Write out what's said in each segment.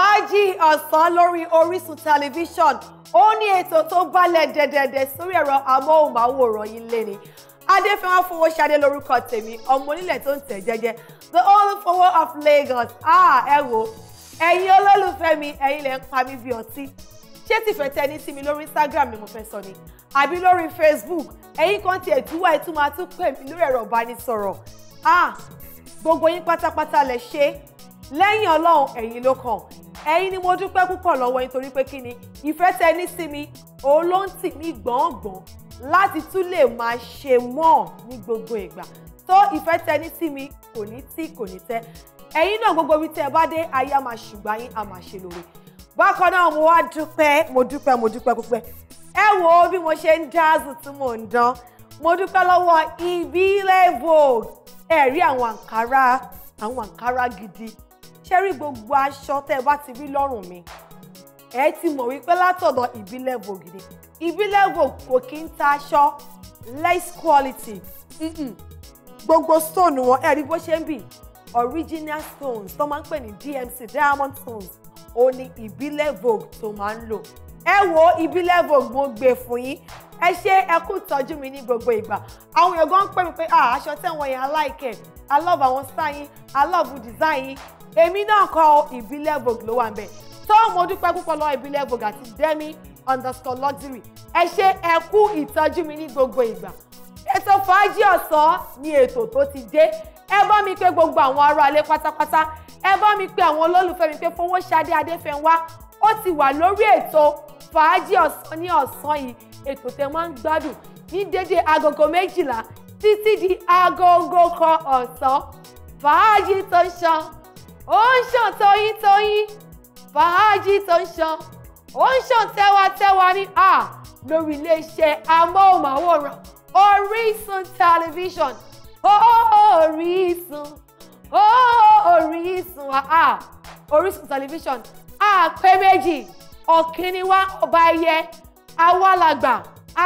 fàájì ọ̀sán lórí Orísun tẹlifíṣọ̀n ó ní ètò tó gbálẹ̀ dẹ̀dẹ̀dẹ̀ sórí ẹ̀rọ amóhùnmáwòrán yìí léni adéfẹ́wọ́n fowó ṣadé lórúkọ tèmi ọmọ onílẹ̀ tó ń tẹ̀ jẹ́jẹ́ the only fowo of Lagos ah ẹ wo ẹ̀yin olólùfẹ́ mi ẹ̀yin lẹ ń pa mí bí ọtí ṣé tìfẹ́ tẹ ní sí mi lórí Instagram ni mo fẹ́ sọ ni àbí lórí Facebook ẹ̀yin kan tiẹ̀ túwà ẹ̀ tún máa tún pè mí lórí ẹ̀rọ ìbánisọ̀rọ̀ ah gbogbo yín pátápátá lẹ ṣe lẹ́yìn ọlọ́run ẹ̀yin ló kàn ẹ̀yin ni mo dúpẹ́ púpọ̀ lọ́wọ́ yín torí pé kí ni ìfẹ́ tẹ ní sí mi òun ló ń tì mí gbọ̀ngbọ̀n láti tún lè máa ṣe mọ́ ní gbogbo ìgbà tó ìfẹ́ tẹ ní sí mi kò ní tí kò ní tẹ́ ẹ̀yin náà gbogbo ibi tẹ́ ẹ bá dé ayé a máa ṣùgbọ́n yín a máa ṣe lóore bákan náà mo wá dúpẹ́ mo dúpẹ́ mo dúpẹ́ púpẹ́ ẹ wo bí mo ṣe ń dáàzù tí mò ń dán mo dúpẹ́ lọ́wọ́ ìbílẹ̀ vogue ẹ̀rí àwọn àǹkárá àwọn àǹkárá gidi ṣé rí gbogbo aṣọ tẹ́ ẹ bá ti rí lọ́rùn mi ẹ ti mọ̀ wípé látọ̀dọ̀ ìbílẹ̀ vogue ni ìbílẹ̀ vogue kò kí ń ta aṣọ less quality gbogbo stone wọn ẹ rí bó ṣe ń bì original stones tó máa ń pè ní DMC diamond stones ó ní ìbílẹ̀ vogue tó máa ń lò ẹ wo ìbílẹ̀ vogue mo gbé fún yín ẹ ṣe ẹ kú tọ́jú mi ní gbogbo ìgbà àwọn èèyàn gan ń pè mí pé ah, aṣọ tẹ̀wọ̀n yẹn aláìkẹ́ i love àwọn sáyìn i love design yín èmi náà kọ ìbílẹ̀ vogue ló wà ń bẹ̀ tó mo dúpẹ́ púpọ̀ lọ́wọ́ ìbílẹ̀ vogue àti demi underscore luxury ẹ ṣe ẹ kú ìtọ́jú mi ní gbogbo ìgbà ètò fàájì ọ̀sán ni ètò tó ti dé ẹ bá mi pé gbogbo àwọn ará alẹ́ pátápátá ẹ bá mi pé àwọn olólùfẹ́ mi pé Fowóṣadé Adéfẹ́nwá ó ti wà lórí ètò fàájì ọ̀sán ní ọ̀sán yìí ètò tẹ máa ń gbádùn ní dédé agogo méjìlá títí di agogo kan ọ̀sán fàájì tó ń ṣan ó ń ṣàn toyin toyin fàájì tó ń ṣan ó ń ṣàn tẹ́wàtẹ́wà ní à lórí iléeṣẹ́ amóhùnmáwòrán Orísun tẹlifíṣàn Orísun Orísun àá Orísun tẹlifíṣàn àpè méjì ọ̀kíní wa ọba ẹyẹ àwa làgbà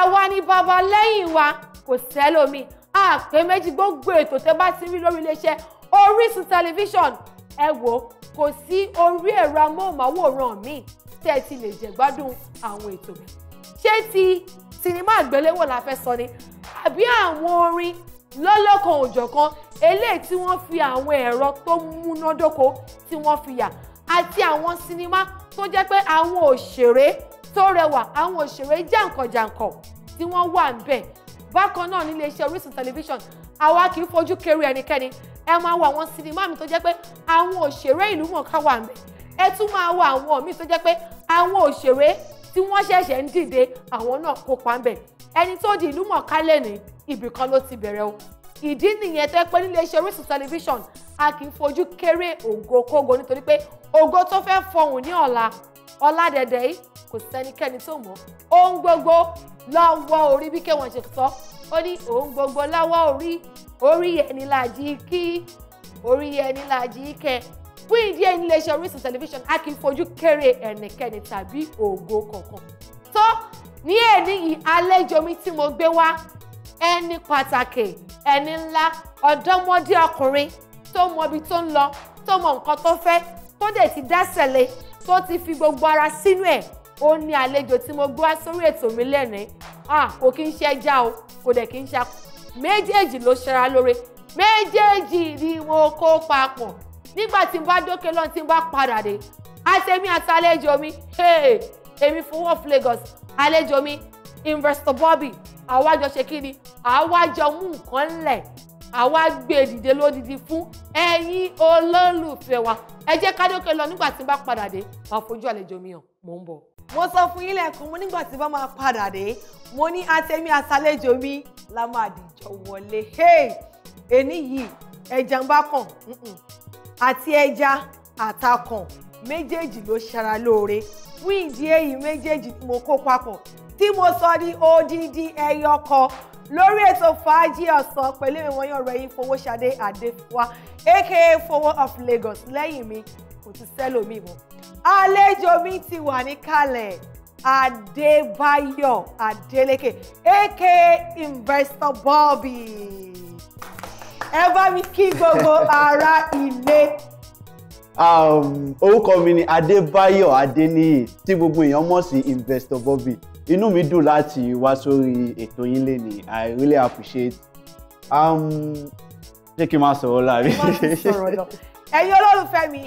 àwa ni bàbá lẹ́yìn wa kò sẹ́lómi àpè méjì gbogbo ètò tẹ́ bá ti rí lórí iléeṣẹ́ Orísun tẹlifíṣàn ẹ wo kò sí orí ẹ̀rọ amóhùnmáwòrán mi tẹ́ ẹ ti lè jẹ̀gbádùn àwọn ètò mi ṣé ti sinimá àgbéléwò la fẹ́ sọ ni àbí àwọn orin lọ́lọ́kan òjọ̀kan eléyìí tí wọ́n fi àwọn ẹ̀rọ tó múnádóko tí wọ́n fi yà àti àwọn sinimá tó jẹ́ pé àwọn òṣèré tó rẹwà àwọn òṣèré jàǹkànjàǹkàn tí wọ́n wà ń bẹ̀ bákan náà nílé iṣẹ́ Orísun tẹlifíṣàn àwa kì í fojú kéré ẹnikẹ́ni ẹ máa wo àwọn sinimá mi tó jẹ́ pé àwọn òṣèré ìlú mọ̀ọ́ká wà ń bẹ̀ ẹ tún máa wo àwọn míì tó jẹ́ pé àwọn òṣèré tí wọ́n ṣẹ̀ṣẹ̀ ń dìde àwọn náà kópa ń bẹ̀ ẹni tó di ìlú mọ̀ọ́ká lẹ́ni ibì kan ló ti bẹ̀rẹ̀ o ìdí nìyẹn tó pé nílé iṣẹ́ Orísun tẹlifíṣọ̀n a kì í fojú kéré ògo kógo nítorí pé ògo tó fẹ́ fọhùn ní ọ̀la ọ̀la dẹ̀dẹ̀ yìí kò sẹ́nikẹ́ni tó mọ̀ ohun gbogbo lọ́wọ́ orí bí kéwọ́n ṣe sọ ó ní òun gbogbo láwọ́ orí orí ẹni làjí kí orí ẹni làjí kẹ fún ìdí èyí níléeṣẹ́ Orísun tẹlifíṣàn a kì í fojú kéré ẹnikẹ́ni tàbí ògo kankan tó ní èní yìí àlejò mi tí mo gbé wá ẹni pàtàkì ẹni ńlá ọ̀dọ́mọdé ọkùnrin tó mọbi tó ń lọ tó mọ nǹkan tó fẹ́ tó dẹ̀ ti dásẹ̀lé tó ti fi gbogbo ara sínú ẹ̀ ó ní àlejò tí mo gbọ́ sórí ètò mi lẹ́nìí ah kò kí ń ṣe ẹja o kò dẹ̀ kí ń ṣe akọ méjèèjì ló ṣara lóore méjèèjì ni mo kó papọ̀ nígbà tí n bá dókè lọ́n tí n bá padà dé àtẹ̀mí àtàlejò mi èmi fún wọ́ọ̀f Lagos àlejò mi Investor Bobby àwájọ ṣe kí ni àwájọ mú nǹkan ńlẹ̀ àwa gbé dìde lódìdí fún ẹ̀yin olólùfẹ́ wa ẹ jẹ́ ká dókè lọ nígbà tí n bá padà dé màá àlejò mi hàn mò ń bọ̀ mo sọ fún yín lẹ́ẹ̀kan mo nígbà tí bá máa padà dé mo ní atẹ́mí asálẹ́jọ mi la máa dìjọ wọlé ẹni yìí ẹja ń bá kàn àti ẹja àtakàn méjèèjì ló ṣara lóore fún ìdí èyí méjèèjì tí mo kó papọ̀ tí mo sọ ní odidi ẹyọ kan lórí ètò fàájì ọ̀sán pẹ̀lú ìwọ̀nyí ọ̀rọ̀ ẹ̀yìn Fowóṣadé aka Fowó of Lagos lẹ́yìn mi kò tún sẹ́lòmíì mọ́ àlejò mi ti wà níkàlẹ̀ Adébáyọ̀ Adélékè aka Investor Bobby ẹ bá mi kí gbogbo ara ilé um, orúkọ mi ni adébáyọ̀ adéníyì tí gbogbo èèyàn mọ̀ sí investor bobby inú mi dùn láti wá sórí ètò yín lénìí i really appreciate um, ṣé kí n máa sọ̀rọ̀ láàrin. ẹ̀yin olólùfẹ́ mi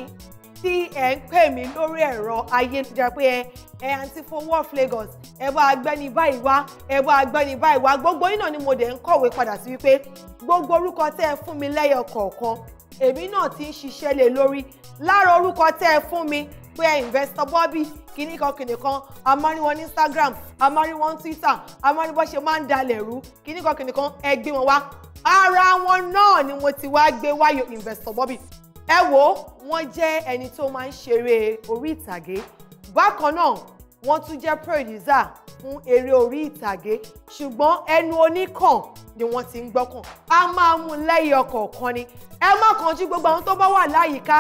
tí ẹ ń pè mí lórí ẹ̀rọ ayélujára pé ẹ àǹtí fowó of Lagos ẹ bá agbẹ́ni báyìí wá ẹ bá agbẹ́ni báyìí wá gbogbo yín náà ni mo dẹ̀ ń kọ̀wé padà sí wípé gbogbo orúkọ tẹ́ ẹ fún mi lẹ́yọ kọ̀ọ̀kan èmi náà ti ń ṣiṣẹ́ lé lórí lára orúkọ tẹ́ ẹ fún mi pé investor Bobby kìíní kan kìíní kan a máa ní Instagram a máa rí ní Twitter a máa rí bó ṣe máa ń dalẹ̀ rú kìíní kan kìíní kan ẹ wọn wá ara wọn náà ni mo ti wá gbé wáyò investor Bobby ẹ wo wọ́n jẹ́ ẹni tó máa ń ṣeré orí ìtàgé bákan náà wọ́n tún jẹ́ producer fún eré orí ìtàgé ṣùgbọ́n ẹnu oníkàn ni wọ́n ti ń gbọ́kàn a máa mú lẹ́yìn ọkọ̀ kan ni ẹ má kánjú gbogbo àwọn tó bá wà láyìíká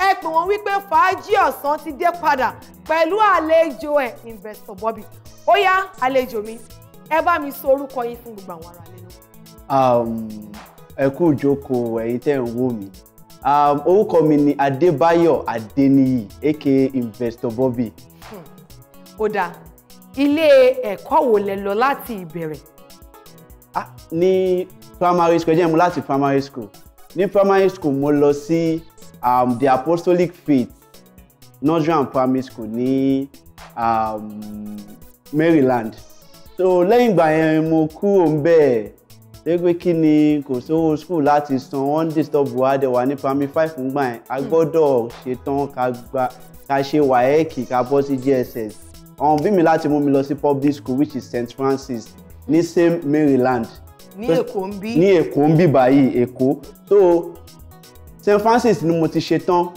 ẹ pè wọ́n wípé fàájì ọ̀sán ti dé padà pẹ̀lú àlejò ẹ̀ Investor Bobby ó yá àlejò mi ẹ bá mi sọ orúkọ yín fún gbogbo àwọn ará lẹ́nu. ẹ kú ìjókòó ẹ̀yin tẹ́ ń wò mí um, orúkọ mi ni adébáyọ̀ adéníyì aka investor bobby. Hmm. ó dáa ilé ẹ̀kọ́ wo lẹ lọ láti ìbẹ̀rẹ̀. ah ní primary school ẹ jẹ́ láti primary school ní primary school mo lọ sí um, the apostolic faith northern primary school ní um, maryland so lẹ́yìn ìgbà yẹn mo kúrò ń bẹ́ẹ̀ pé kí ni kò sówó school láti san wọ́n ń disturb wa dẹ̀ wà ní primary five ńgbà yẹn a hmm. gbọ́dọ̀ ṣetán ká ṣe wáyẹ́ẹ̀kì e ká bọ́ sí JSS ọ̀hún bí mi láti mú mi lọ sí public school which is St Francis ní same Maryland ní Èkó ń bí báyìí Èkó so St Francis ni mo ti ṣetán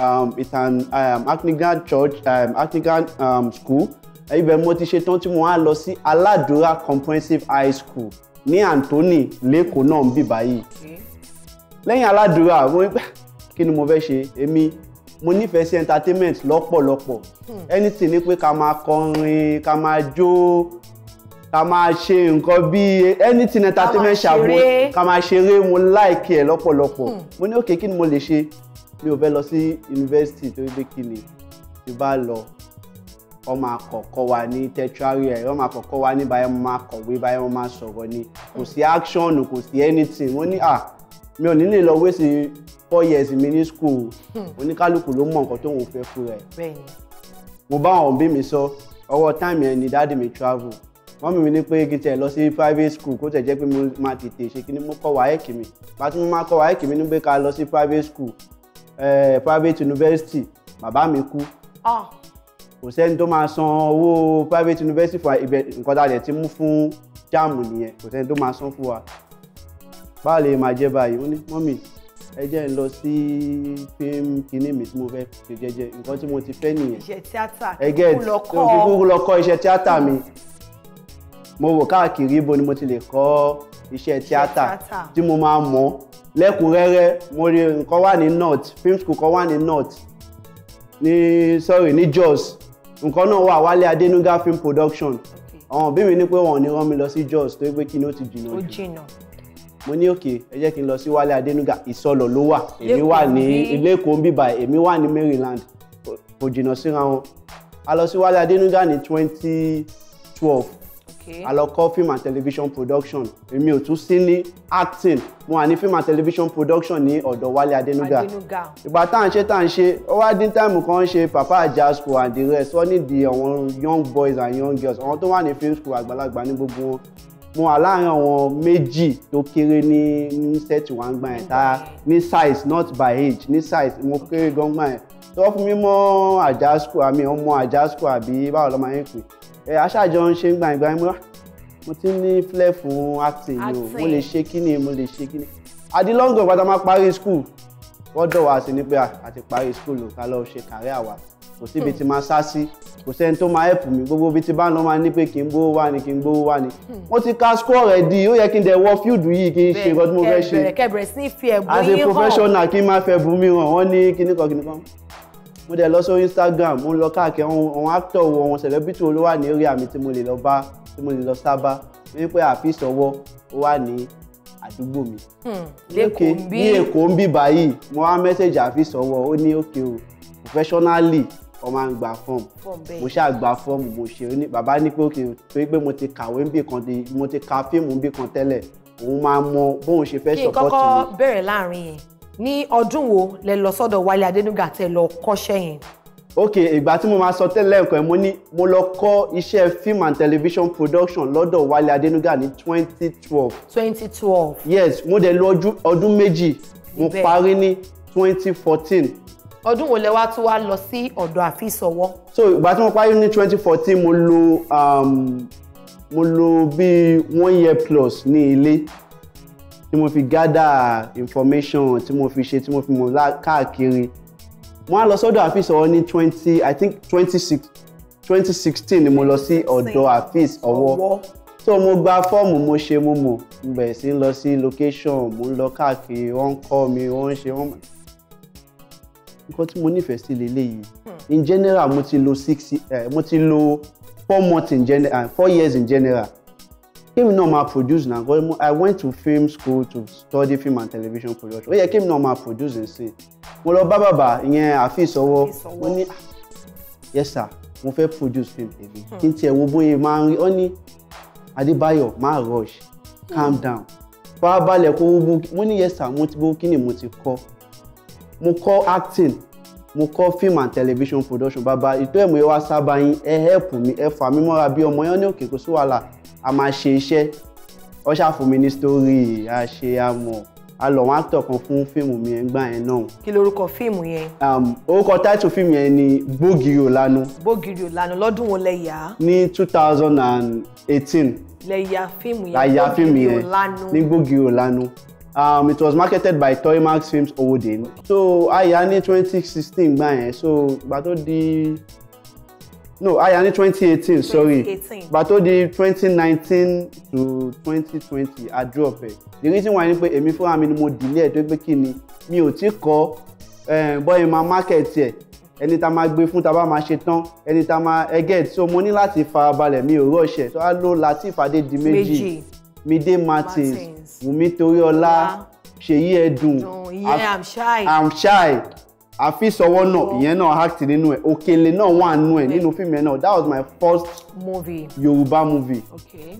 um, it's an um, Anglican church um, Anglican um, school ibẹ̀ mo ti ṣetán tí mo wá lọ sí Aládùúrà comprehensive high school ní Anthony lẹ́kọ̀ọ́ náà ń bì báyìí lẹ́yìn aládùúrà mo rí pé ah, kí ni mo fẹ́ ṣe èmi mo nífẹ̀ẹ́ sí entertainment lọ́pọ̀lọpọ̀ hmm. anything ni pé ká máa kọrin ká máa jó ká máa ṣe nǹkan bíi anything entertainment ṣàbò ká máa ṣeré mo like ẹ̀ lọ́pọ̀lọpọ̀ hmm. mo ní òkè kí ni mo lè ṣe mi ò fẹ́ lọ sí yunifásitì torí pé kí ni ti bá lọ wọ́n máa kọ̀kọ́ wa ní tẹ́tíwárì ẹ̀ wọ́n máa kọ̀kọ́ wa ní báyẹn wọ́n máa kọ̀wé báyẹn wọ́n máa sọ̀rọ̀ ni kò sí action kò sí anything wọ́n ní à mi ò ní lè lọ wé sí four years mi ní school hmm. oníkálukú ló mọ nǹkan tó ń fẹ́ fún rẹ̀ mo bá àwọn òbí mi sọ ọwọ́ time yẹn ni dáàdì mi travel wọ́n mímí ní pé kí lọ sí private school kó tẹ̀ jẹ́ pé mo máa tètè ṣe kí ni mo kọ́ wáyé kìmí bá tí mo máa kọ́ wáyé kìmí ní pé ká lọ sí private school eh, private university bàbá mi kú kò sẹ́ni tó máa san owó private university fún ibẹ̀ nǹkan tá a lè ti mú fún jáàmù nìyẹn kò sẹ́ni tó máa san fún wa báwo lè máa jẹ́ báyìí wọ́n ní mọ́mì ẹ jẹ́ ń lọ sí fíìmù kìíní mi tí mo fẹ́ ṣe jẹ́jẹ́ nǹkan tí mo ti fẹ́ nìyẹn iṣẹ́ tíátà kíkú lọ kọ́ iṣẹ́ tíátà mi mo wò káàkiri ibo ni mo ti lè kọ́ iṣẹ́ tíátà tí mo máa mọ̀ lẹ́kùnrẹ́rẹ́ mo rí nǹkan wà ní north film school kan wà ní north ní sorry ní Jos nǹkan náà wà wálé adénúgá film production àwọn òbí mi ní pé wọn ò ní rán mi lọ sí Jos tó pé kí ni ó ti jìnnà jù mo ní òkè ẹ jẹ́ kí n lọ sí wálé adénúgá ìsọlọ ló wà èmi wà ní ilé èkó ń bíbà èmi wà ní Maryland kò jìnnà síra wọn a lọ sí wálé adénúgá ní twenty twelve a lọ kọ́ film and television production èmi ò tún sí ní acting mo wà ní film and television production ní ọ̀dọ̀ Wálé Adénúgà ìgbà tá à ń ṣe tá à ń ṣe ó wá dín táìmù kan ṣe Papa Ajasco and the rest wọ́n nídìí àwọn young boys and young girls àwọn tó wà ní film school àgbàlagbà ní gbogbo wọn mo wà láàrin àwọn méjì tó kéré ní ní set one gbà yẹn tá ní size not by age ní size mo kéré gan gbà yẹn tó fún mi mọ́ Ajasco àmì ọmọ Ajasco àbí báwo lọ́mọ yẹn pè é ẹ aṣáájọ ń ṣe ń gbàǹgbà mọ́ mo ti ní flẹ̀ fún acting o mo lè ṣe kíni mo lè ṣe kíni adilongo pátá máa parí school wọ́n dọ̀ wá sí ni pé àti parí school ká lọ ṣe kàrí àwa kò síbi tí máa sá sí kò sẹ́ni tó máa help mi gbogbo ibi tí bá ń lọ máa ní pé kí n gbówó wá ni kí n gbówó wá ni wọ́n ti ka score rẹ̀ di ó yẹ kí n dẹ̀ wọ field yìí kí n ṣe nǹkan tí mo fẹ́ ṣe as a professional kí n máa fẹ́ bu mi hàn wọ́n ní kíníkan kíníkan mo dẹ̀ lọ sórí Instagram mo lọ káàkiri àwọn actor wo àwọn celebrity wo ló wà ní area mi tí mo lè lọ bá tí mo lè lọ sábà wípé àfi ìsọwọ́ ó wà ní àdúgbò mi. Hmm, lẹ́kọ̀ọ́ ń bí ní èkó ń bí báyìí mo wá mẹ́sẹ̀gì àfi ìsọwọ́ ó ní òkè o professionally wọ́n máa ń gba fọ́ọ̀mù mo ṣáà gba fọ́ọ̀mù mo ṣe ní bàbá ní pé òkè torí pé mo ti kàwé níbì kan mo ti ka fíìmù níbì kan tẹ́lẹ̀ òun máa mọ bóun ṣe fẹ́ support mi. kí kọ́kọ́ bẹ̀rẹ̀ láàrin yẹn ní ọdún wo lẹ lọ sọ́dọ̀ Wálé Adénúgà tẹ lọ kọ́ṣẹ́ yẹn. ok ìgbà tí mo máa sọ tẹ́lẹ̀ ẹ̀kọ́ ẹ̀ mo ní mo lọ kọ́ iṣẹ́ film and television production lọ́dọ̀ Wálé Adénúgà ní twenty twelve. twenty twelve. yes mo dẹ̀ lò ọdún méjì mo parí ní twenty fourteen ọdún wo lẹ wá tún wá lọ sí ọ̀dọ̀ àfisọwọ́. so ìgbà tí mo parí ní twenty fourteen mo lo um, mo lo bíi one year plus ní ilé tí mo fi gather information tí mo fi ṣe tí mo fi mọ̀ káàkiri mo á lọ sọ́dọ̀ àfíìs ọwọ́ ní twenty i think twenty six twenty sixteen ni mo lọ sí ọ̀dọ̀ àfíìs ọwọ́ so mo gba fọ́ọ̀mù mo ṣe mo mọ̀ mo bẹ̀rẹ̀ sí lọ sí location mo ń lọ káàkiri wọ́n ń kọ́ mi wọ́n ń ṣe wọ́n nǹkan tí mo nífẹ̀ẹ́ sí lélẹ́yìí hmm. in general mo ti lò six eh, mo ti lò four months in general and four years in general kémi náà máa produce na because I went to film school to study film and television production ó yẹ kémi náà máa produce nsìn mo lọ bá bàbá ìyẹn àfi ìsọwọ́ mo ní ah, yes sir mo fẹ́ produce film tèmi hmm. kí n tiẹ̀ wo bóyá máa ń rí ọ ní Adébáyọ̀ má rush calm hmm. down farabalẹ̀ kó wo mo ní yes sir mo ti bó kíni mo ti kọ́ mo kọ́ acting mo kọ́ film and television production bàbá ìtọ́ ẹ̀ mo yẹ wá sábà yín ẹ help mi ẹ fà mí mọ́ra bí ọmọ yẹn ní òkè kó sí wàhálà a máa ṣe iṣẹ́ ọ ṣàfùnmi ní sítórí a ṣe àmọ̀ a lọ wọn actor kan fún fíìmù mi ẹ̀ ń gbà yẹn náà. kí lorúkọ fíìmù yẹn. Um, orúkọ táìtù fíìmù yẹn ni bógiri òlanu. bógiri òlanu lọ́dún wo lẹ yà á. ní two thousand and eighteen. lẹ fíìmù yẹn bógiri òlanu. ní bógiri òlanu. Um, it was marketed by Toymax Films Owode. So, a yà ní twenty sixteen gbà yẹn. So, gbà tó di no I ní 2018. Sorry, 2018. but all the 2019 to 2020, I drop it. the reason why ni pé èmi fúnra mi ni mo delay to tó pé kí ni mi ò tí kọ́ eh, bọ́yì máa market ẹ̀ ẹni tá a máa gbé fún tá a bá máa ṣe tán ẹni tá a máa so mo ní láti farabalẹ̀ mi ò rọ̀ṣẹ̀ tó a ló Lateef Adédìméjì Mide Martins Wùmí Toríọlá Ṣèyí Ẹ̀dùn I'm shy àfisọwọ́ náà ìyẹn náà act nínú ẹ̀ òkèlè náà wà nínú ẹ̀ nínú fíìmù yẹn náà that was my first movie. yorùbá movie. okay.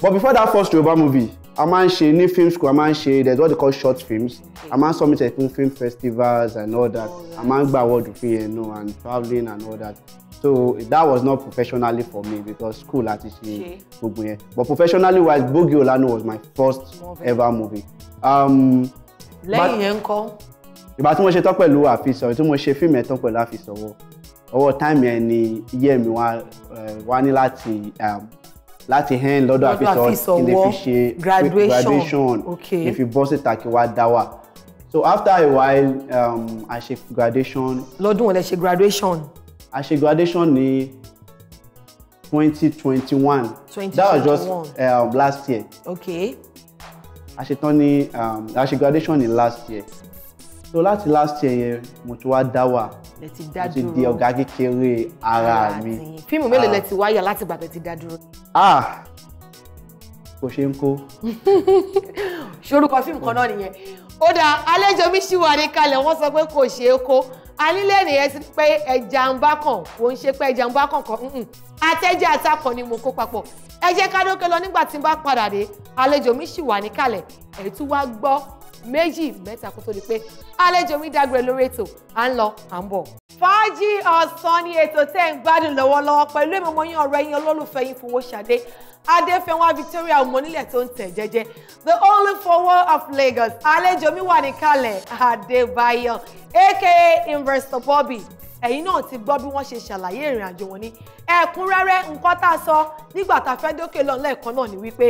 but before that first yorùbá movie a máa ń ṣe ní film school a máa ń ṣe there is what they call short films okay. a máa ń submit it fún film festivals and all that oh, yeah. a máa ń gba award fún yẹn náà and travelling and all that so that was not professionally for me because school láti ṣe gbogbo yẹn but professionally wise Bógì Olánú was my first movie. ever movie. Um, lẹ́yìn yẹn ń kọ́ ìgbà tí mo ṣe tán pẹ̀lú àfisọ̀rọ̀ tí mo ṣe fíìmù ẹ̀ tán pẹ̀lú àfisọ̀rọ̀ ọwọ́ táìmù ẹ̀ ni iye mi wá eh, ní láti um, láti hẹ́n lọ́dọ̀ àfisọ̀rọ̀ kí lè fi ṣe graduation kí fi bọ́ síta kí wá dá wà so after a while um, a ṣe graduation. lọ́dún wo lẹ ṣe graduation. a ṣe graduation ní twenty twenty one that was just um, last year. okay. a ṣe tán ní um, a ṣe graduation ní last year so láti last year yẹn mo ti wá dá wà mo ti di ọ̀gá kékeré ara mi. fíìmù mélòó lẹ ah. ti wáyà láti gbàgbé ti dá dúró. ah kò ṣe ń kó. sorúkọ fíìmù kan náà nìyẹn ó dáa àlejò mi ṣì wà ní kalẹ̀ wọ́n sọ pé kò ṣe é kó alílẹ̀ nìyẹn ti pé ẹja ń bá kàn kò ń ṣe pé ẹja ń bá kàn kàn àtẹ́jẹ́ àtakọ̀ ni mo kó papọ̀ ẹ jẹ́ ká dókè lọ nígbà tí n bá padà dé àlejò mi wà ní kalẹ̀ ẹ̀ tún wá gbọ́ méjì mẹ́ta kó tó di pé àlejò mi dágbére lórí ètò à ń lọ à ń bọ̀. fàájì ọ̀sán ni ètò tẹ́ ń gbádùn lọ́wọ́lọ́wọ́ pẹ̀lú ìmọ̀mọ́ yín ọ̀rọ̀ ẹ̀yin olólùfẹ́ yín Fowóṣadé adéfẹ́wá Victoria ọmọnílẹ̀ tó ń tẹ̀ jẹ́jẹ́ the only forward of Lagos àlejò mi wà ní kalẹ̀ Adébáyọ̀ aka Investor Bobby ẹ̀yin náà ti gbọ́ bí wọ́n ṣe ṣàlàyé ìrìn àjò wọn ní ẹ̀kúnrẹ́rẹ́ nǹkan tá a sọ nígbà tá a fẹ́ dókè lọ lẹ́ẹ̀kan náà ni wípé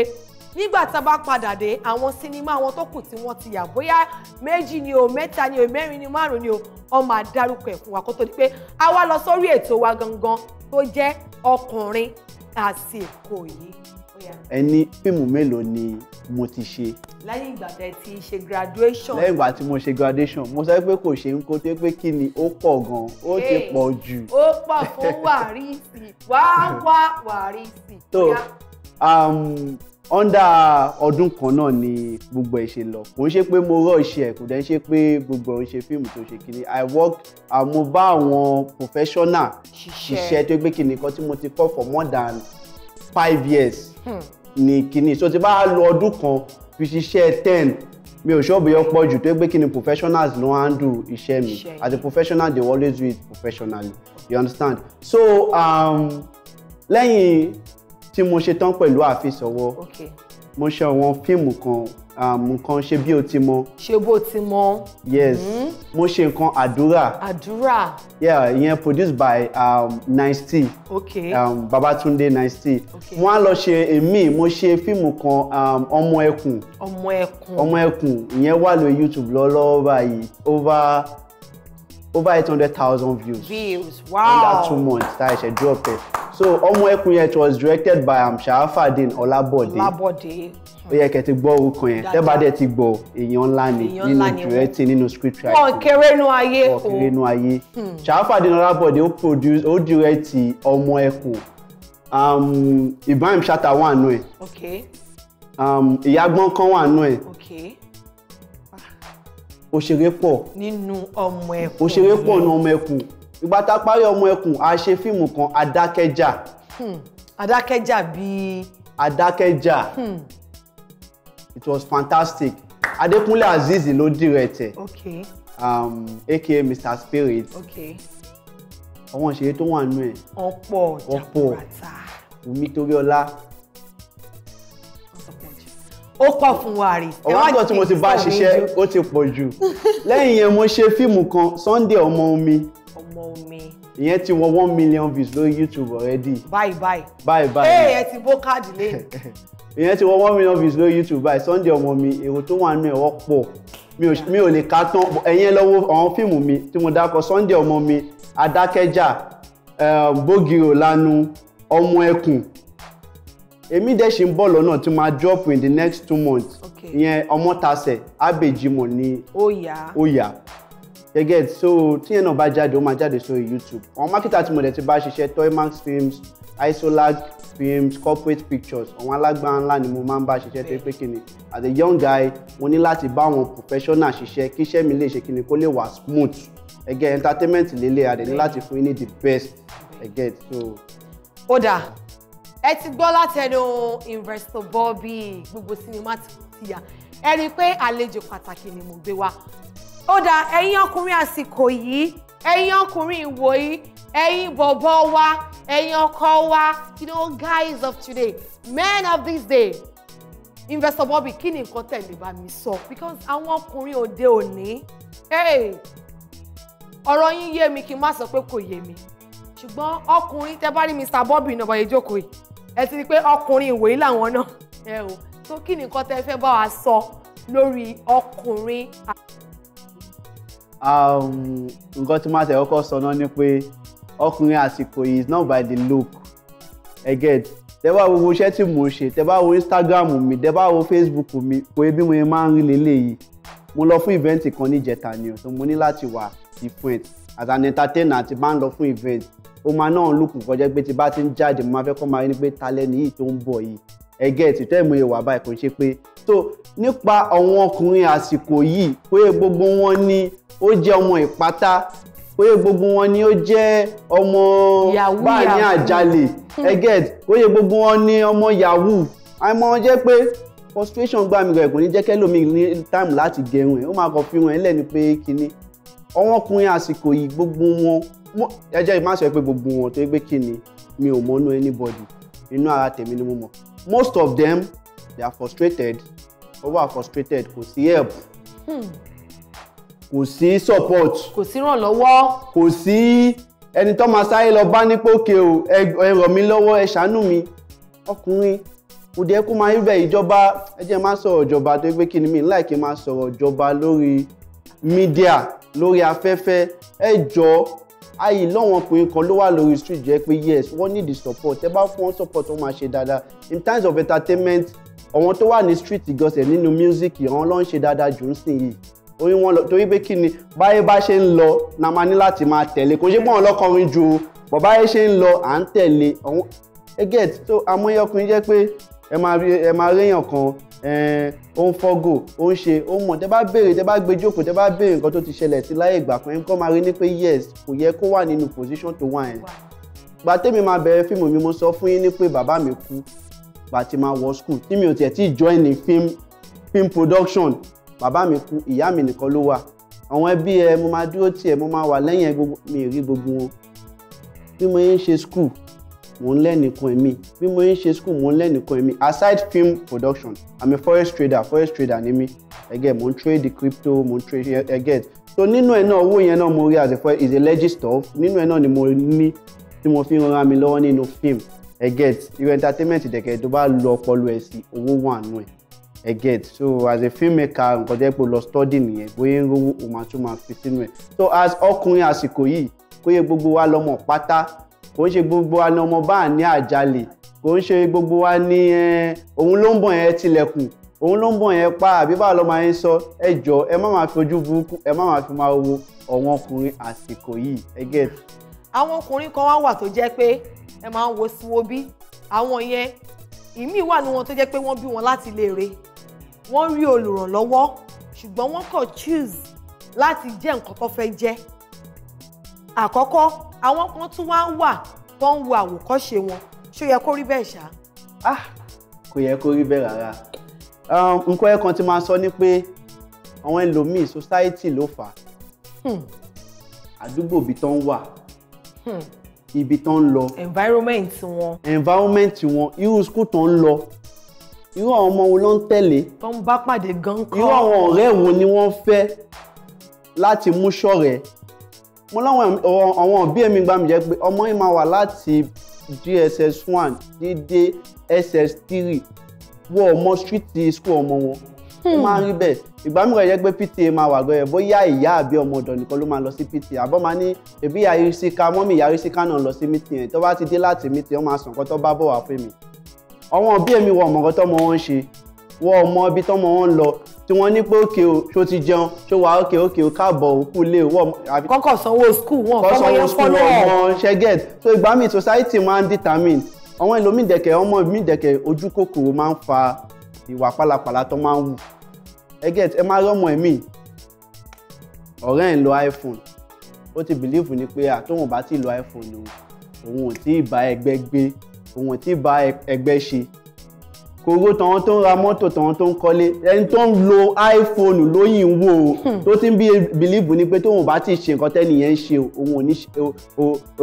nígbà tá a bá padà dé àwọn sinimá wọn tó kù tí wọ́n ti yà bóyá méjì ni o mẹ́ta ni o mẹ́rin ni márùn ni o ọ máa dárúkọ ẹ̀ fún wa kó tó di pé a wá lọ sórí ètò wa gangan tó jẹ́ ọkùnrin àsìkò yìí. ẹ ní fíìmù mélòó ni mo ti ṣe. lẹ́yìn ìgbà tẹ́ ti ṣe graduation. lẹ́yìn ìgbà tí mo ṣe graduation mo sọ pé kò ṣe ń kó tó pé kí ni ó pọ̀ gan-an ó ti pọ̀ jù. ó pọ̀ fún wàrísì wá wá wàrísì. tó ọ́ndà ọdún kan náà ni gbogbo ẹ̀ ṣe lọ kò ń ṣe pé mo rọ iṣẹ́ kò dẹ̀ ń ṣe pé gbogbo ẹ̀ ń ṣe fíìmù tó ṣe kiri i work mo bá àwọn professional ṣiṣẹ́ tó gbé kiri kan tí mo ti kọ́ for more than five years hmm. ni kiri so ti bá lò ọdún kan fi ṣiṣẹ́ ten mi ò ṣọ́ọ̀bù yọ pọ̀ jù tó gbé kí ni professionals ló handle iṣẹ́ mi as a professional they always do it professionally you understand so um, lẹ́yìn tí mo ṣe tán pẹ̀lú àfisọ̀wọ́ mo ṣe àwọn fíìmù kan um, nǹkan ṣe bí o ti mọ. ṣe bó ti mọ. yes hmm. mo ṣe nǹkan àdúrà. àdúrà. yeah ìyẹn produced by um, nice tea. okay um, Babatunde nice tea. okay wọ́n á lọ ṣe èmi mo ṣe fíìmù kan um, ọmọ ẹkùn. ọmọ ẹkùn. ọmọ ẹkùn ìyẹn wà lórí YouTube lọ́wọ́ báyìí over over eight thousand views. views wow in that two months that is a drop it so ọmọ ẹkùn it was directed by amshaafadin um, Olabode. Olabode. ó yẹ kẹ́ ti gbọ́ orúkọ yẹn tẹ́bà dẹ̀ ti gbọ́ èèyàn ńlá ni nínú directing nínú script writing ọ̀kẹ́rẹ́ inú ayé ọ̀kẹ́rẹ́ inú ayé ṣàáfàdín hmm. ọlábọ̀dé ó produce ó direct ọmọ ẹkùn um, ibrahim shatta wà nù ẹ̀ um, ìyàgbọ́n kan wà nù ẹ̀ òṣèré pọ̀ nínú ọmọ ẹkùn òṣèré pọ̀ nínú ọmọ ẹkùn ìgbà tá a parí ọmọ ẹkùn a ṣe fíìmù kan adákẹ́jà. Hmm. adákẹ́jà bíi. adákẹ́jà hmm. it was fantastic Adékúnlé Azeez ló direct ẹ̀ okay. um, aka Mr Spirit okay. àwọn òṣèré tó wà nínú ẹ̀ ọ̀pọ̀ ọ̀pọ̀ Wùmí Toríọlá ó kọ́ fún wa rí. ọ̀rọ̀ tí mo ti bá ṣiṣẹ́ ó ti pọ̀ jù lẹ́yìn yẹn mo ṣe fíìmù kan Sunday ọmọ omi. ọmọ omi ìyẹn ti wọ one million views lórí YouTube already. bye bye. bye bye. ee ẹ ti bó káàdì lé. ìyẹn ti wọ one million views lórí YouTube báyìí Sunday ọmọ mi èrò tó wà nínú ẹ̀ wọ́pọ̀ mi ò lè ka tán ẹ̀yẹn lọ́wọ́ àwọn fíìmù mi tí mo dákọ Sunday ọmọ mi Adákẹ́jà um, Bógiro lanu Ọmọ Ẹkùn èmi dẹ̀ ṣe ń bọ̀ lọ́nà tí máa drop in the next two months ìyẹn ọmọtasẹ̀ abèjìmọ̀ ni ó yá gẹ́gẹ́ so tíyẹn náà bá jáde ó máa jáde sórí YouTube àwọn mákítà tí mo dẹ̀ ti bá ṣiṣẹ́ Toymax Films Isolac films corporate pictures àwọn alágbára ńlá ni mo máa ń bá ṣiṣẹ́ tó pé kíni as a young guy mo ní láti bá àwọn professional ṣiṣẹ́ kí iṣẹ́ mi lè ṣe kíni kó lè wà smooth ẹgẹ́ entertainment lélẹ̀ adẹ̀ ní láti fún yín ní the best ẹgẹ́ so. ó dáa ẹ ti gbọ́ látẹnu investor Bobby gbogbo sinimá ti yà ẹ rí i pé àlejò pàtàkì ni mo gbé wá. ó dà ẹ̀yin ọkùnrin àsìkò yìí ẹ̀yin ọkùnrin ìwòyí ẹ̀yin bọ̀bọ̀ wa ẹ̀yin ọkọ wa you know guys of today men of this day investor Bobby kí ni nǹkan tẹ̀lé bá mi sọ because àwọn ọkùnrin òde òní ọ̀rọ̀ yín yé mi kí n má sọ pé kò yé mi ṣùgbọ́n ọkùnrin tẹ́ bá rí Mr. Bobby náà bá yẹ jókòó yìí ẹ ti rí pé ọkùnrin ìwòyí làwọn náà ẹ o tó kí ni nǹkan tẹ́ bá wa sọ lórí ọkùnrin. Um, nǹkan tí màá ọkọ sọ náà ni pé ọkùnrin àsìkò yìí is not by the look ẹ get tẹ́ bá wo gbogbo iṣẹ́ tí Instagram mi tẹ́ bá wo Facebook mi kò ebi mo yẹn máa ń rí lélẹ́yìí mo lọ fún kan ni o so mo ní láti wà as an entertainer ń lọ fún ó máa náà lùkùn kọjá pé tí bá ti ń jáde mo máa fẹ́ kọ́ máa rí ni pé talẹ́ nìyí tó ń bọ̀ yìí ẹgẹ́ ti tẹ́ ìmọ̀ye wà báyìí kò ṣe pé so nípa àwọn ọkùnrin àsìkò yìí pé gbogbo wọn ni ó jẹ́ ọmọ ìpátá oye gbogbo wọn ni ó jẹ́ ọmọ báyìí àjálè ẹgẹd oye gbogbo wọn ni ọmọ yahoo àìmọ̀ wọn jẹ́ pé frustration gbà mí ẹ̀gbọ́n ní jẹ́kẹ́ lómi ní time láti gẹrun ẹ̀ ó máa kàn fi hàn ẹ́ lẹ́ni pé kínní ọwọ́n ọkùnrin àsìkò yìí gbogbo wọn ẹ jẹ́ ìmáṣọ pé gbogbo wọn tó gbé kí ni mi ò mọ́nú anybody inú ara tèmi ni mo mọ̀ most of them they are frustrated over frustrated kò sí help hmm. kò sí support kò sí ìrànlọ́wọ́ kò sí ẹni tó máa sáré lọ bá ní pókè o ẹ ràn mí lọ́wọ́ ẹ ṣàánú mi ọkùnrin kò dé kó máa ń bẹ ìjọba ẹ jẹ́ máa sọ̀rọ̀ ìjọba tó gbé kí ni mi láì kí máa sọ̀rọ̀ ìjọba lórí mídíà lórí afẹ́fẹ́ ẹ jọ̀ọ́ àyè lọ́wọ́n ọkùnrin kan ló wà lórí street jẹ́ pé yes wọ́n need the support ẹ bá fún wọn support wọ́n máa ṣe dáadáa in times of entertainment àwọn tó wà ní street gọ̀ọ̀sẹ̀ nínú music àwọn ló ń ṣe dáadáa jù ú sìn yìí orí wọn lọ torí pé kí ni báyé bá ṣe ń lọ na máa ní láti máa tẹ̀lé kò ṣe pé wọn lọ́kọrin ju bọ̀ báyé ṣe ń lọ à ń tẹ̀lé ọ̀hún ẹ get so amóyọkùnrin jẹ́ pé ẹ máa rí èèyàn kan Eh, ó ń fọ́gò ó ń ṣe ó mọ̀ tẹ́ bá béèrè tẹ́ bá gbé jókòó tẹ́ bá béèrè nǹkan tó ti ṣẹlẹ̀ sí láyé ìgbà kan nǹkan máa rí ni pé yes kò yẹ kó wà nínú position tó wà yẹn. gba tèmi máa bẹ̀rẹ̀ fíìmù mi mo sọ fún yín ni pé bàbá mi kú gba ti máa wọ school tí mi ò tiẹ̀ tí join ní film film production bàbá mi kú ìyá mi nìkan ló wà àwọn ẹbí ẹ mo máa dúró tiẹ̀ mo máa wà lẹ́yìn ẹ gbogbo mi rí gbogbo wọn bí mo yẹn ń ṣe school mò ń lẹ́nìkan ẹ̀mí bí mo ń ṣe school mò ń lẹ́nìkan ẹ̀mí aside film production i'm a forex trader forex trader ni mí ẹgẹ́ mò ń trade crypto mò ń trade ẹgẹ́ so nínú ẹ̀ náà owó yẹn náà mo rí as a forex is a legit stuff nínú ẹ̀ náà ni mo ní tí mo fi ran mi lọ́wọ́ nínú film ẹgẹ́ irú entertainment dẹ̀kẹ́ tó bá lo ọpọlọ ẹ̀ sí owó wà nù ẹ get so as a filmmaker nǹkan jẹ́ pé lọ study nìyẹn bóyá ń rówó òun àti òun máa fi sínú ẹ̀ so as ọkùnrin àsìkò yìí kó yẹ gbogbo wa lọ́mọ pátá kò ń ṣe gbogbo wa ọmọ bá ní àjálè kò ń ṣe gbogbo wa ní òun ló ń bọ̀ yẹn tilẹ̀kùn òun ló ń bọ̀ yẹn pa àbí báwo ló máa ń sọ ẹ jọ ẹ má máa fi ojú burúkú ẹ má máa fi máa wo ọ̀wọ́n ọkùnrin àsìkò yìí ẹ gẹ́t. àwọn ọkùnrin kan wá wà tó jẹ́ pé ẹ máa ń wo síwobí àwọn yẹn ìmíì wà ní wọn tó jẹ́ pé wọ́n bí wọn láti léèrè wọ́n rí olùrànlọ́wọ́ ṣùgbọ́n wọ́n kàn choose láti jẹ́ nǹkan tó fẹ́ jẹ́ àkọ́kọ́ àwọn kan tún wá wà tó ń wo àwòkọ́ṣe wọn ṣó yẹ kó rí bẹ́ẹ̀ ṣá. ah kò yẹ kó rí bẹ́ẹ̀ rárá um, nǹkan ẹ̀ kan ti máa sọ ni pé àwọn ẹlòmíì society ló fà á hmm. àdúgbò ibi tó ń wà hmm. ibi tó ń lọ environment wọn environment wọn irú school tó ń lọ irú àwọn ọmọ wo ló ń tẹ̀lé tó ń bá pàdé gan-an irú àwọn ọ̀rẹ́ wo ni wọ́n fẹ́ láti mú ṣọ̀rẹ́ mo láwọn àwọn òbí ẹ̀mí gbà mí jẹ́ pé ọmọ yìí máa wà láti dss one dédé ss three wọ ọmọ street school ọmọ wọn ó máa ń rí bẹ́ẹ̀ ìgbà mìíràn yẹ pé pta máa wà gbọ́yẹ̀ bóyá ìyá àbí ọmọ ọ̀dọ̀ nìkan ló máa lọ sí pta àbọ̀ máa ní ẹbí yàrísíká mọ́mí yàrísíká náà lọ sí mítì yẹn tó bá ti dé láti mítì wọ́n máa sàn kọ́ tó bá bọ̀ wá fún mi àwọn òbí ẹ̀mí wọ ọmọ nǹkan tọ́mọ wọn wọ́n ọmọ ibi tọ́mọ wọn lọ tí wọ́n ní pé òkè o ṣó ti jẹun ṣó wà òkè òkè o káàbọ̀ òkú lé wọ́n. kọ́kọ́ sanwó skul wọn kọ́mọ yẹn fọ́lọ́ ẹ̀ ọmọ ṣẹ́gẹ̀t so ìgbà míì society máa ń determine àwọn ẹlòmíì dẹ̀kẹ̀ ọmọ mi dẹ̀kẹ̀ ojú kòkòrò máa ń fa ìwà pálapàla tó máa ń wù ẹgẹ̀t ẹ máa rọ́mọ ẹ̀mí ọ̀rẹ́ ẹ̀ ń lo iPhone ó ti believe ni pé àtòhùn bá ti lo iPhone òun ò tí ì bá ẹgbẹ́ gbé òun ò tí ì bá ẹgbẹ́ ṣe kò ro tàwọn tó ń ra mọ́tò tàwọn tó ń kọ́lé ẹni tó ń lo iPhone lóyìn ń wò ó hmm. tó ti ń bìlíìbù ni pé tóun bá ti ṣe nǹkan tẹ́nìyẹn ń ṣe òun ò ní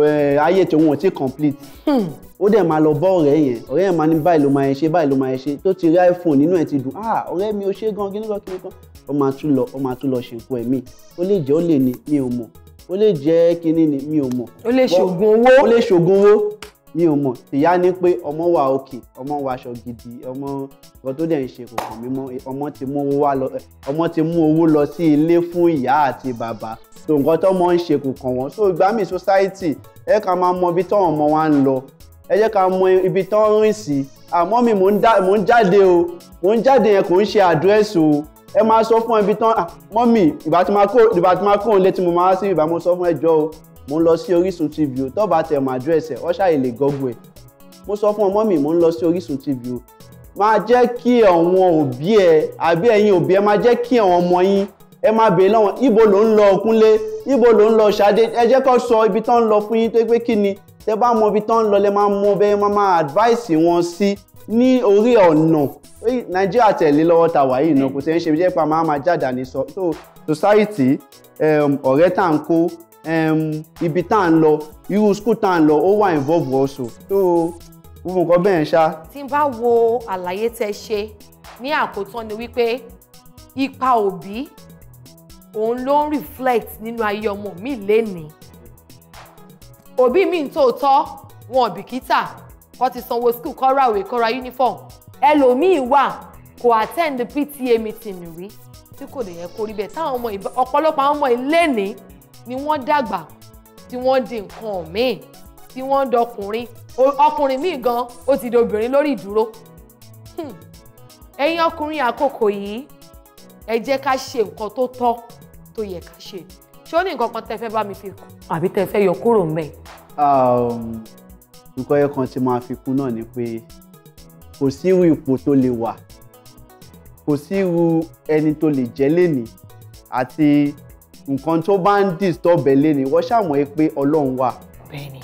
eh, ayé tí òun ò ti complete hmm. ó dẹ̀ máa lọ bọ́ ọ̀rẹ́ yẹn ọ̀rẹ́ yẹn máa ní báyìí ló máa yẹn ṣe báyìí ló máa yẹn ṣe tó ti rí iPhone nínú ẹ̀ ti dùn ah ọ̀rẹ́ mi ò ṣe gan kí nìkan kí nìkan ó máa tún lọ ó máa tún lọ ṣèkú ẹ̀ mí ó lè jẹ́ ó lè ní mi ò mọ̀ ó lè jẹ́ kínní ni mi ò mọ̀ ó lè ṣògùn owó ó lè ṣògùn owó mi ò mọ̀ ìyá ní pé ọmọ wa òkè ọmọ wa aṣọ gidi ọmọ nǹkan tó dẹ̀ ń ṣe kò kàn mí mọ́ ọmọ ti mú owó wá lọ ti mú owó lọ sí ilé fún ìyá àti bàbá so nǹkan tó mọ̀ ń ṣe kò kàn wọ́n so ìgbà míì society ẹ ká máa mọ ibi tọ́wọ̀n ọmọ wa ń lọ ẹ jẹ́ ká mọ ibi tọ́ ń rìn sí àmọ́ mi mò ń jáde o mò ń jáde yẹn kò ń ṣe àdírẹ́sì o ẹ máa sọ fún ẹbí tán ah, mọ́mì ìgbà máa kó ìgbà máa kó òun létí mo máa sí ìgbà sọ fún ẹjọ́ o mo ń lọ sí Orísun TV o tó bá tẹ̀ mọ́ àdírẹ́sì ẹ̀ ọ́ṣà ilé gọ́gùn ẹ̀ mo sọ fún ọmọ mi mo ń lọ sí Orísun TV o máa jẹ́ kí àwọn òbí ẹ àbí ẹ̀yin òbí ẹ máa jẹ́ kí àwọn ọmọ yín ẹ máa bèè lọ́wọ́n ibo ló ń lọ Kúnlé ibo ló ń lọ Ṣadé ẹ jẹ́ kó sọ ibi tán ń lọ fún yín tó pé kí ni tẹ bá mọ ibi tán ń lọ lẹ máa mọ bẹ́ẹ̀ máa máa advice wọn sí ní orí ọ̀nà nàìjíríà tẹ̀lé lọ́wọ́ ta wà yìí náà kò sẹ́yìn ṣe bí jẹ́ pa máa máa jáde àní sọ so society ọ̀rẹ́ tá à ń kó um, ibi tá à ń lọ irú school tá à ń lọ ó wà involve also so gbogbo nǹkan bẹ́ẹ̀ ṣá. tí n bá wo àlàyé tẹ ṣe ní àkótán ni wípé ipa òbí òun ló ń reflect nínú ayé ọmọ mi lénìí òbí mi ń tòótọ́ wọn ò bìkítà kó ti sanwó school kó ra ìwé kó ra uniform ẹlòmíì wà kò attend the PTA meeting rí tí kò lè yẹ kó rí bẹ́ẹ̀ táwọn ọmọ ọ̀pọ̀lọpọ̀ àwọn ọmọ ilé nìí ni wọ́n dàgbà tí wọ́n di nǹkan míì tí wọ́n dọkùnrin ọkùnrin míì gan ó ti di obìnrin lórí ìdúró hmm. ẹ̀yin ọkùnrin àkókò yìí ẹ jẹ́ ká ṣe nǹkan tó tọ́ tó yẹ ká ṣe ṣé ó ní nǹkan kan tẹ́ fẹ́ bá mi fi kún. àbí tẹ́ fẹ́ yọ kúrò mẹ́. Um, nǹkan ẹ̀kan tí máa fi kún náà ni pé kò sí irú ipò tó lè wà kò sí irú ẹni tó lè jẹ́ lẹ́nìí àti nǹkan tó bá ń disturb ẹ lé ni wọ́n ṣàmọ̀ ẹ pé ọlọ́run wà. bẹ́ẹ̀ni.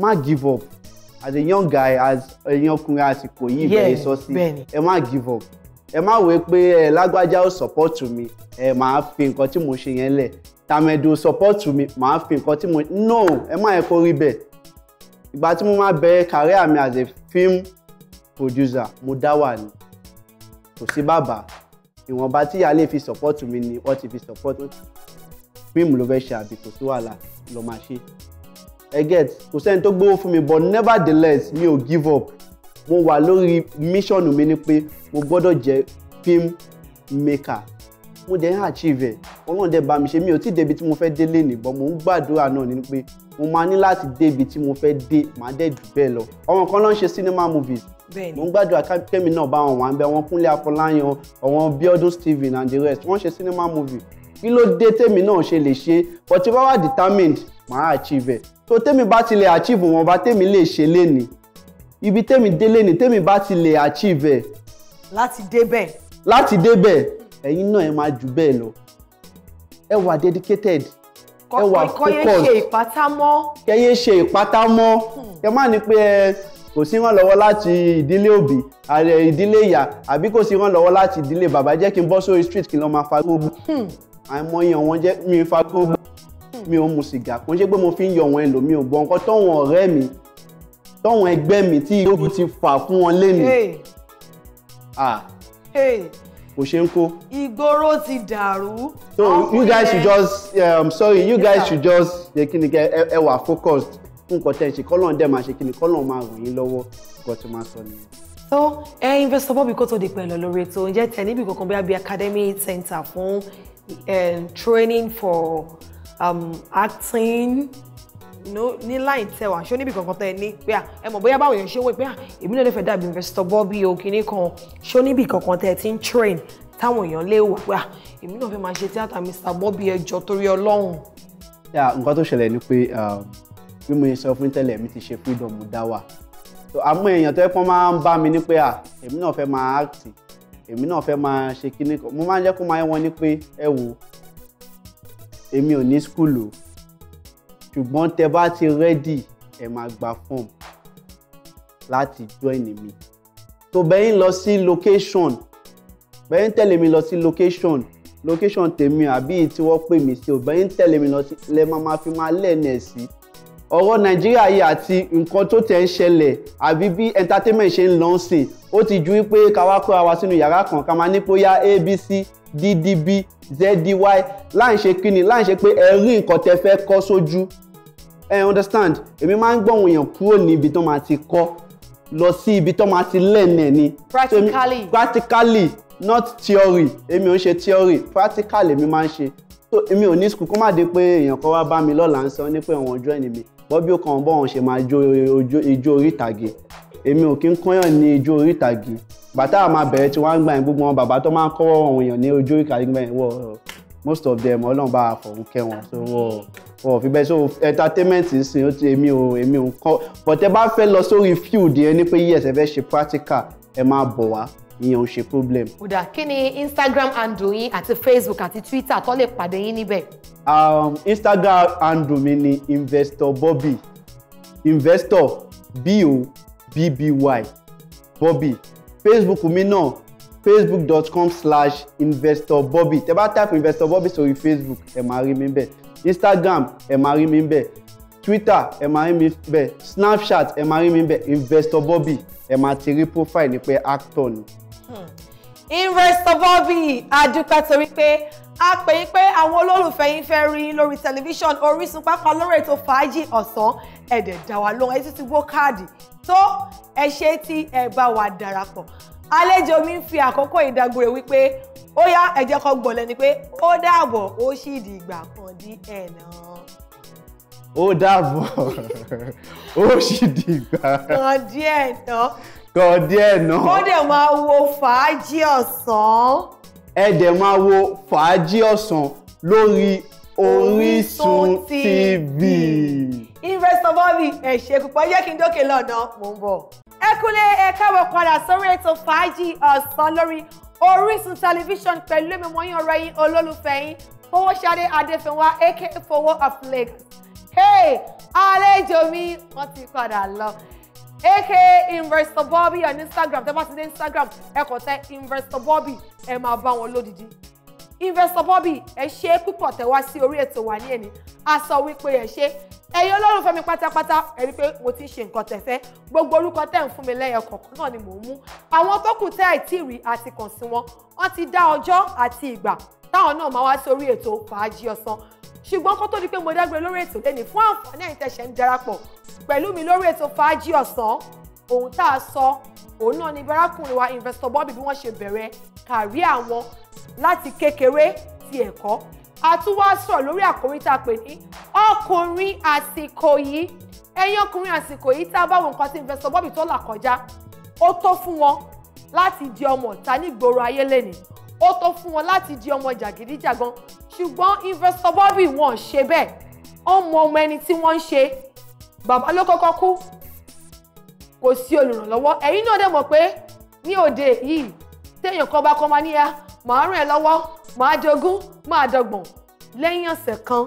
má give up as a young guy as ẹ̀yin ọkùnrin àsìkò yìí bẹ̀rẹ̀ sọ sí ẹ má give up ẹ má wé pé ẹ lágbájá ó support mi ẹ máa fi nǹkan tí mo ṣe yẹn lẹ̀ tàmẹ̀dò support mi máa fi nǹkan tí mo no ẹ má yẹ kó rí bẹ́ẹ̀ ìgbà tí mo máa bẹ̀rẹ̀ career mi as a film producer mo dá wà ní kò sí bàbá ìwọ̀nba tí a lè fi support mi ni wọ́n ti fi support fíìmù ló fẹ́ ṣe àbí kò sí wàhálà lọ máa ṣe ẹ get kò sẹ́ni tó gbówó fún mi but nevertheless mi ò give up mo wà lórí mission mi ni pé mo gbọ́dọ̀ jẹ́ film maker mo dẹ̀ ń achieve ẹ̀ ọlọ́run dẹ̀ bá mi ṣe mi ò tí débi tí mo fẹ́ dé lé nìbọn mò ń gbàdúrà náà ni pé mo máa ní láti débi tí mo fẹ́ dé màá dẹ̀ jù bẹ́ẹ̀ lọ àwọn kan ló ń ṣe cinema movies mo ń gbàdúrà kẹ́mi náà bá wọn wà ń bẹ wọn Kúnlé Afọláyan àwọn Bíọ́dún Stephen and the rest wọ́n ṣe cinema movies, kí ló dé tèmi náà ṣe lè ṣe but if I were determined màá achieve ẹ̀ tó tèmi bá ti lè achieve wọn bá tèmi lè ṣe lénìí ibi tèmi dé lénìí tèmi bá ti lè achieve ẹ̀. láti débẹ̀. láti débẹ̀ ẹ̀yin náà ẹ máa jù bẹ́ẹ̀ lọ ẹ wà dedicated ẹ wà focused kọ́yé ṣe ìpátámọ́ kẹ́yé ṣe ìpátámọ́ ẹ má ní pé ẹ kò sí wọn lọ́wọ́ láti ìdílé òbí ìdílé ìyá àbí kò sí wọn lọ́wọ́ láti ìdílé bàbá jẹ́ kí n bọ́ sórí street kí n lọ máa fa gbogbo hmm. àìmọye àwọn jẹ́ mi fa gbogbo hmm. mi ò mu sìgá kò ń ṣe pé mo fi ń yọ wọn ẹlòmíì ò gbọ́ nǹkan tọ́wọ̀n ọ̀rẹ́ mi tọ́wọ̀n ẹgbẹ́ mi tí yóò ti fà fún wọn lénìí kò ṣe ń kó. ìgboro ti dàrú. so you guys should just um, sorry you guys should just ṣe kí ni kẹ ẹ wà focused fún nǹkan tẹ̀ ṣe kọ́lọ́n dẹ̀ máa ṣe kí ni kọ́lọ́n máa ràn yín lọ́wọ́ nǹkan tó máa sọ nìyẹn. so ẹ investor Bobby kó tó di pẹ̀lú lórí ètò oúnjẹ tẹ̀ níbi kankan bí abiy academy center fún um, training for um, acting ní láì tẹwà ṣó níbi kankan tẹ ẹ ní pé à ẹ mọ̀ bóyá báwo yẹn ṣe wọ́n pé à èmi náà lè fẹ́ dàbí investor Bobby o kìíní kan ṣó níbi kankan tẹ ẹ ti ń train táwọn èèyàn lè wà pé à èmi náà fẹ́ máa ṣe tíátà Mr Bobby ẹjọ́ torí Ọlọ́run. nǹkan tó ṣẹlẹ̀ ni pé um, bí mo sọ fún tẹ́lẹ̀ mi ti ṣe freedom dá wà àmọ́ èèyàn tó yẹ kó máa ń bá mi ní pé à èmi náà fẹ́ máa act èmi náà fẹ́ máa ṣe kíní kan mo máa ń jẹ́ kó máa yẹ wọ́n ní pé ẹ wo èmi ò ní skúlù o ṣùgbọ́n tẹ bá ti rẹ́dì ẹ máa gba form láti join mi tó bẹ́yìn lọ sí location bẹ́yìn tẹ̀lé mi lọ sí location location tèmi àbí tí wọ́n pè mí sí o bẹ́yìn tẹ̀lé mi lọ sí lẹ́ máa ma fi máa lẹ́nà sí ọ̀rọ̀ nàìjíríà yìí àti nǹkan tó tẹ̀ ń ṣẹlẹ̀ àbí bí entertainment ṣe ń lọ́nsìn ó ti ju wípé ká wá kóra wa sínú yàrá kan ká máa ní bóyá abc ddb zdy láì ṣe kíni láì ṣe pé ẹ rí nǹkan tẹ fẹ́ kọ́ sójú ẹ understand èmi máa ń gbọ́ àwọn èèyàn kúrò ní ibi tó máa ti kọ́ lọ sí ibi tó máa ti lẹ́nẹ̀ ni. practically practically not theory èmi ò ń ṣe theory Practically, èmi máa ń ṣe so èmi ò ní sùkúl kó má di pé èèyàn kan wá bá mi lọ́la ń sọ ní pé àwọn ọjọ́ ẹni mi bọ́bí ó kàn bọ́ wọn ṣe máa jó ijó orí ìtàgé èmi ò kí ń kọ́yàn ní ijó orí ìtàgé bàtà àmà bẹ̀rẹ̀ tí wọ́n ń gbà yín gbogbo wọn bàbá tó máa ń kọ́wọ́ àwọn èèyàn ní ojú orí gbà yín wọ most of them ọlọ́run bá àfọ̀hún kẹ́ wọn so wọ́ọ̀ wọ́ọ̀ fi bẹ́ẹ̀ so entertainment sìn ó ti èmi ò èmi ò kọ́ but ẹ bá fẹ́ lọ sórí field yẹn ní pé yes ẹ fẹ́ ṣe practical ẹ máa bọ̀ wá ìyẹn ò ṣe problem. kódà kí ni instagram handle yín àti facebook àti twitter tó lè pàdé yín níbẹ̀. Um, instagram handle mi ni investor bobby investor b o bby bobby facebook mi náà facebook.com slash investor Bobby. tẹ bá type investor Bobby sórí facebook ẹ máa rí mi bẹ̀ instagram ẹ máa rí mi bẹ̀ twitter ẹ máa rí mi bẹ̀ snapchat ẹ máa rí mi bẹ̀ investorbobby ẹ máa ti rí profile ní pé actor ni. Hmm. Investor Bobby adúpẹ́ torí pé a pè é pé àwọn olólùfẹ́ yín fẹ́ rí lórí tẹlifíṣàn Orísun pápá lórí ètò fàájì ọ̀sán ẹ dẹ̀ dá wa lóhùn ẹ sì ti wó káàdì tó ẹ ṣe tí ẹ bá wa darapọ̀ àlejò mi ń fi àkókò ìdágbére wípé ó yá ẹ jẹ́ kó lẹ́ni pé ó dàbọ̀ ó sì di ìgbà kan dí ẹ̀ náà. ó dàbọ̀ ó sì di ìgbà kan díẹ̀ náà. kan díẹ̀ náà. ó dẹ̀ máa wo fàájì ọ̀sán. ẹ dẹ̀ máa wo fàájì ọ̀sán lórí Orísun TV. TV investor bobby ẹ ṣe púpọ̀ jẹ́ kí n dókè lọ́nà mò ń bọ̀. ẹ kúlé ẹ káàbọ̀ padà sórí ètò fàájì ọ̀sán lórí orísun tẹlifíṣàn pẹ̀lú èmi wọ́n yín ọ̀rẹ́ olólùfẹ́ yín fowóṣadé adéfẹ́wá aka fowó of Lagos. hey àlejò mi wọ́n ti padà lọ aka investor bobby on instagram tẹ́ bá ti dé instagram ẹ kọ tẹ investor bobby ẹ máa bá wọn lódìdí Investor Bobby ẹ ṣe púpọ̀ tẹ́ wá sí orí ètò wa ní ẹ̀ní a sọ wípé ẹ ṣe ẹ̀yin olólùfẹ́ mi pátápátá ẹ rí i pé mo ti ṣe nǹkan tẹ̀fẹ́ gbogbo orúkọ tẹ̀ ń fún mi lẹ́yọ kọ̀ọ̀kan náà ni mò ń mú àwọn tó kù tẹ́ ẹ̀ tí rí àti kàn sí wọn wọ́n ti dá ọjọ́ àti ìgbà táwọn náà máa wá sí orí ètò fàájì ọ̀sán ṣùgbọ́n kó tó di pé mo dágbére lórí ètò lẹ́nìí fún àǹfààní ẹ̀yin tẹ̀sẹ̀ ń darapọ̀ pẹ̀lú mi lórí ètò fàájì ọ̀sán ohun tá a sọ òun náà ni bárakùnrin wa investor Bobby bí wọ́n ṣe bẹ̀rẹ̀ kàrí àwọn láti kékeré ti ẹ̀kọ́ a tún wá sọ̀rọ̀ lórí àkórí tá a pè ní ọkùnrin àsìkò yìí ẹ̀yin ọkùnrin àsìkò yìí tá a bá wo nǹkan tí investor Bobby tó là kọjá ó tó fún wọn láti di ọmọ ta nígboro ayé lẹ́nìí ó tó fún wọn láti di ọmọ jàgídíjàgan ṣùgbọ́n investor Bobby wọn ṣe bẹ́ẹ̀ ọmọ ọmọ ẹni tí wọ́n ń ṣe bàbá ló kọ́kọ́ kú kò sí olùrànlọ́wọ́ ẹ̀yin náà dẹ̀ mọ̀ pé ní òde yìí téèyàn kan bá kọ́ máa níyà màá ràn ẹ́ lọ́wọ́ màá jogún màá dọgbọ̀n lẹ́yìn ọ̀sẹ̀ kan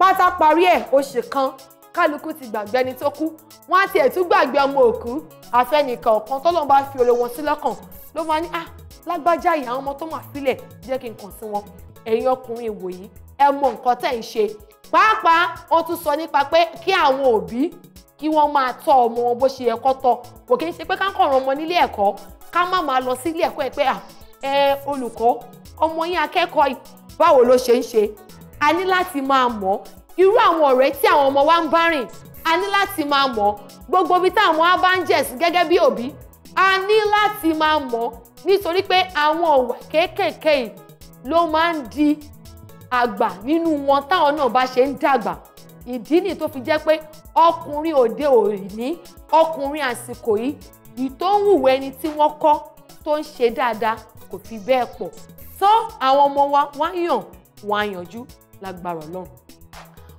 pátá parí ẹ̀ oṣù kan kálukú ti gbàgbé ẹni tó kú wọn á tiẹ̀ tún gbàgbé ọmọ òkú àfẹnìkan ọ̀kan tọ́lọ́n bá fi ọ̀rọ̀ wọn sí lọ́kàn ló máa ní à ah, lágbájá ìyá àwọn ọmọ tó máa filẹ̀ jẹ́ kí n kàn sí wọn ẹ̀yin ọkùnrin ìwòyí ẹ mọ nǹkan tẹ́ ń ṣe pàápàá wọ́n tún sọ nípa pé kí àwọn òbí kí wọ́n máa tọ́ ọmọ wọn bó ṣe yẹ kó tọ́ kò kí n ṣe pé ká ń kọ̀ràn ọmọ nílé ẹ̀kọ́ ká má máa lọ sílé ẹ̀kọ́ ẹ̀ pé ẹ olùkọ́ ọmọ yín akẹ́kọ̀ọ́ báwo ló ṣe ń ṣe a ní láti máa mọ̀ irú àwọn ọ̀rẹ́ tí àwọn ọmọ wa ń bá rìn a ní láti máa mọ̀ gbogbo ibi táwọn á bá gẹ́gẹ́ bí òbí a ní láti máa mọ̀ nítorí pé àwọn ọ̀wà kéékèèké ló máa ń di àgbà nínú wọn táwọn náà bá ṣe ń dàgbà ìdí nìyí tó fi jẹ́ pé ọkùnrin òde òní ọkùnrin àsìkò yìí ìtòhùnwò ẹni tí wọ́n kọ́ tó ń ṣe dáadáa kò fi bẹ́ẹ̀ pọ̀ tó àwọn ọmọ wa wọ́n yàn wọ́n á yanjú lágbára Ọlọ́run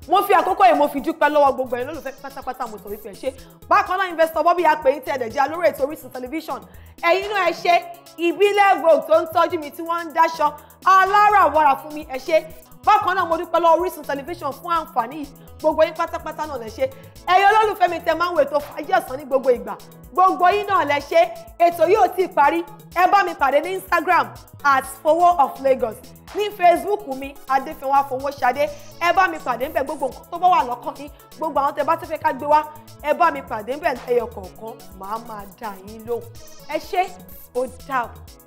mo fi àkókò yìí mo fi dúpẹ́ lọ́wọ́ gbogbo ẹ̀ lólùfẹ́ pátápátá mo sọ wípé ẹ ṣe bákan náà investor Bobby apè yín tẹ̀ ẹ̀dẹ̀jẹ́ alórí ètò Orísun tẹlifíṣàn ẹ̀yin náà ẹ ṣe ìbílẹ̀ vogue tó ń tọ́jú mi tí wọ́n ń dáṣọ aláràwárà fún mi ẹ ṣé bákan náà mo dúpẹ́ lọ Orísun tẹlifíṣàn fún àǹfààní yìí gbogbo yín pátápátá náà lẹ ṣe ẹ̀yin olólùfẹ́ mi tẹ máa ń wo ètò fàájì ọ̀sán ní gbogbo ìgbà gbogbo yín náà lẹ ètò yìí ò parí ẹ bá mi pàdé ní Instagram at fowó of Lagos ní Facebook mi adéfẹ́wá fowóṣadé ẹ bá mi pàdé ńbẹ̀ gbogbo nǹkan tó bá wà lọ́kàn yín gbogbo àwọn tẹ bá ti fẹ́ ká gbé wá ẹ bá mi pàdé ńbẹ̀ ẹyọ kọ̀ọ̀kan màá máa dà yín lóhùn ẹ ṣé ó dàbọ̀.